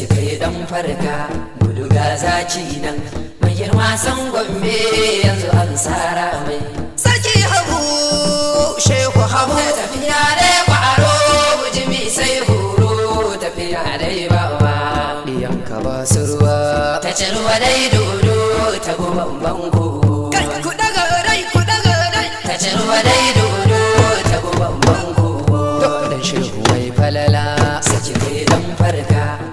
ci kai dan farka gudu zaci nan mai girma san gombe yanzu an tsara mai sarki hagu shehu hagu tafiya dai kwaro bujimi sai horo tafiya dai bawa yanka ba su ruwa ta ci ruwa dai dodo ta goban bango ku daga ku daga dai dodo mai falala sace dai damfarka.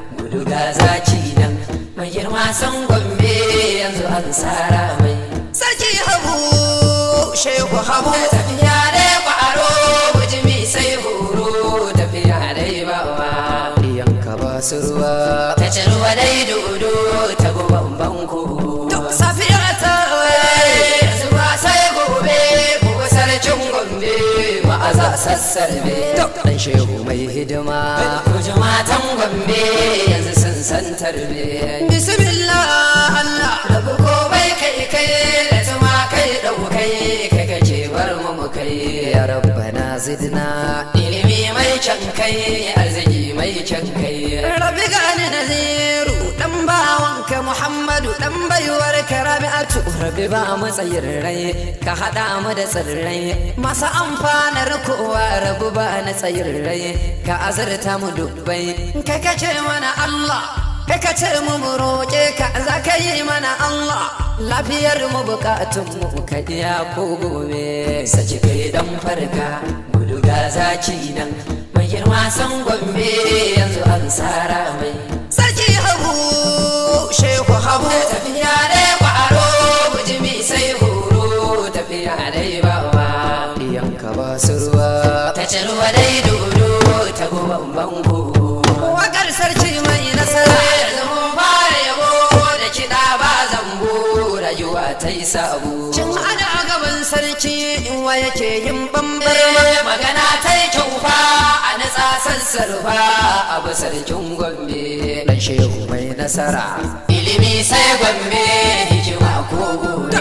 ga zaki nan mai girma san gombe yanzu an tsara mai sarki habu shehu habu tafiya dai kwaro bujimi sai horo tafiya dai bawa yanka ba su ruwa ta ci ruwa dai dodo ta gubanban banko. sassarbe dan shehu mai hidima jumatan gombe yanzu sun san tarbe bismillah allah da buko bai kai kai da tuma kai daukai kai ce, bar mu mu kai ya rabbana zidna ilimi mai can kai arziki mai can kai rabbi gani nazir Ka muhammadu dan baiwar ka rabi ba mu rai ka hada mu da tsirrai masa amfanar kowa rabu ba na rai ka azurta mu dubbai ka kace mana allah ka kace mu mu ka za ka yi mana allah lafiyar mu bukatun mu ka iya ko gobe saki kai dan farka gudu ga zaki nan mai girma san gombe yanzu an sara mai sarki hagu shehu habu tafiya ne kwaro bujimi sai horo tafiya dai bawa yanka ba su ruwa ta ci dai dodo ta guban bango wakar sarki mai nasara zumun fara yabo da kiɗa ba zambo rayuwa ta yi sabo cin ana gaban sarki in wa yake yin bambar eh, magana ta yi kyau fa tsasan a abu sarkin gombe dan shehu mai nasara ilimi sai gombe hikima ko gobe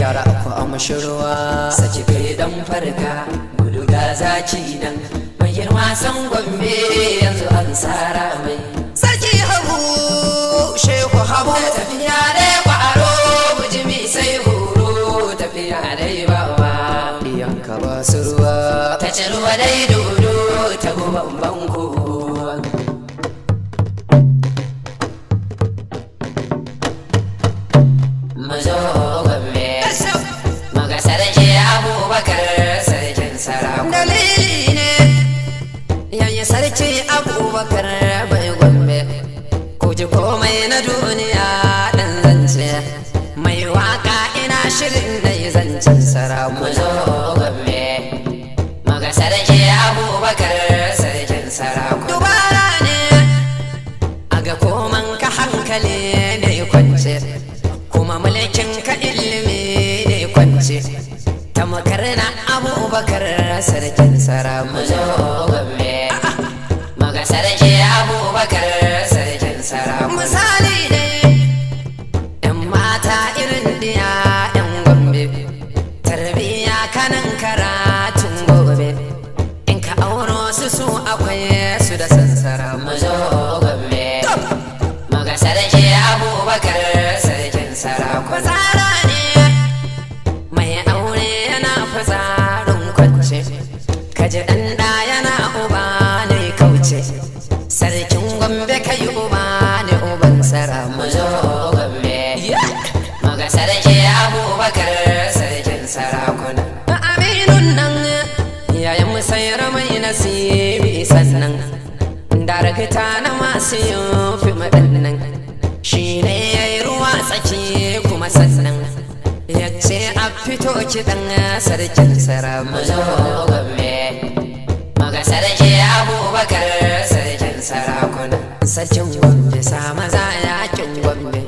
yara aku amshirwa saci kai dan farka gudu zaci nan mai girma san gombe yanzu an sara mai Saki habu shehu habu tafiya ne kwaro bujimi sai horo tafiya dai bawa iyanka ba su ruwa ta ci ruwa dai dubi saraku zo gombe muga sarki abubakar sarkin saraku dubara ne a ga koman ka hankali ne kwance kuma mulkin ka ilimi ne kwance tamakar na abubakar sarkin saraku zo fitsara ne mai aure yana fitsarin kwance kaji dan da yana uba ne kauce sarkin gombe kai uba ne uban tsara mu zo gombe muga sarki abubakar sarkin sarakuna aminun nan yayin musayar mai nasibi sannan darakta na masu yin ci dan sarkin sarama mu zo gombe muga sarki abubakar sarkin sarakun sarkin gobe sa maza ya yakin gobe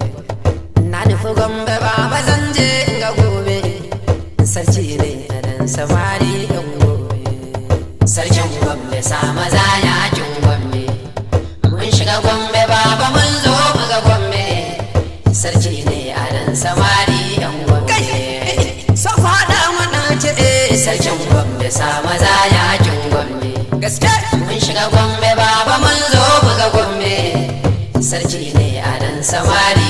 na ni fu gobe ba ba zanje ga gobe sarci ne dan samari yan gobe sarkin gobe sa maza ya yakin gobe mun shiga gobe ba ba mun zo ga gobe sarci ne a dan samari sarkin gombe sama za yakin gombe gaske mun shiga gombe baba mun zo buga gombe sarki ne a dan samari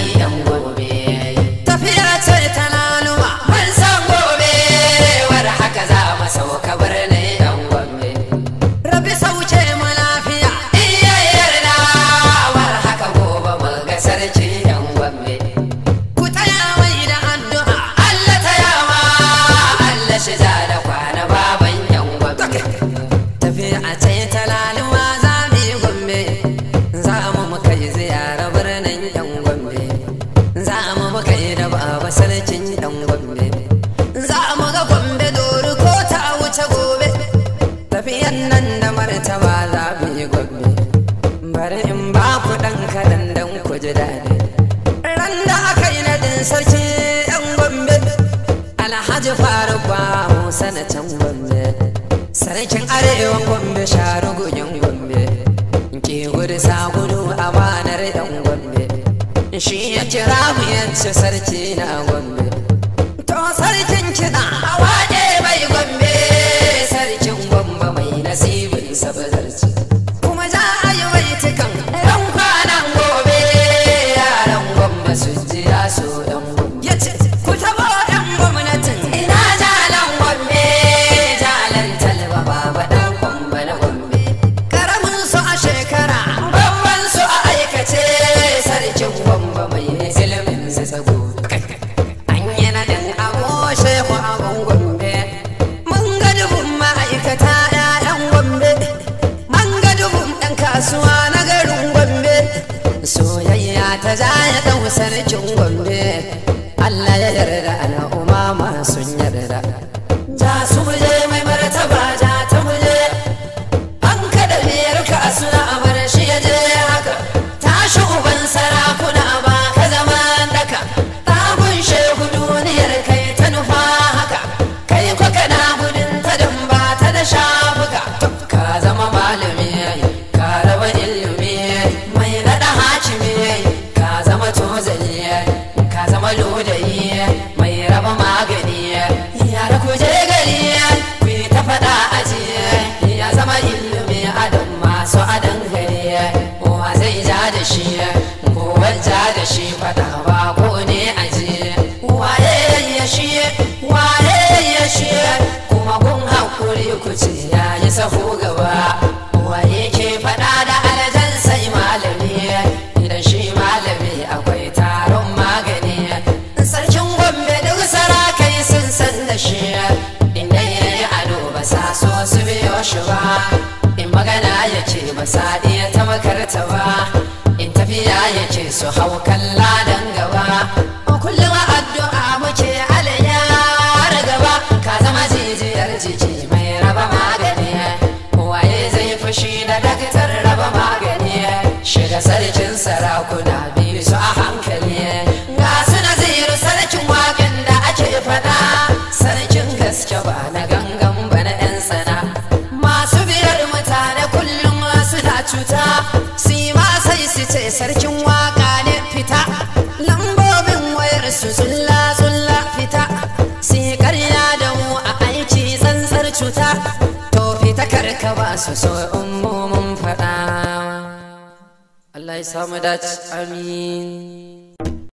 dan kaɗan dan ku ji daɗi ran da aka yi nadin sarki yan gombe alhaji faru ba musa na can gombe sarkin arewa gombe sharu guyin gombe ke gudu sa a banar yan gombe shi ya kira mu yace sarki na gombe to sarkin kiɗa a waje bai gombe sarkin gombe mai nasibin sabazar so yan ya ce ku taba yan gwamnatin ina jalan gombe jalan talba baba dan gombe na gombe karamin su a shekara babban su a aikace sarkin gombe mai ilimin su tsago an yi na nadin abu shehu abun gombe mun ga dubun ma'aikata ƴaƴan gombe an ga dubun ɗan kasuwa na garin gombe soyayya ta zaya ɗan sarki Ya sube ya. shi fada ko ne aje waye ya shi waye ya shi kuma kun hakuri ku ce yayi sahu gaba waye ke faɗa da aljan sai malami idan shi malami akwai taron magani sarkin gombe duk sarakai sun san da shi inda yayi ado ba sa su biyo shi ba in magana yake ba sa iya ta makarta ba ya yake su hau kalla don gaba kullum addu'a muke alayyar gaba ka zama jijiyar jiki mai raba magani waye zai fushi da daktar raba magani shiga sarkin sarakuna biyu. ka ba su so in mu mun faɗa Allah ya samu dace amin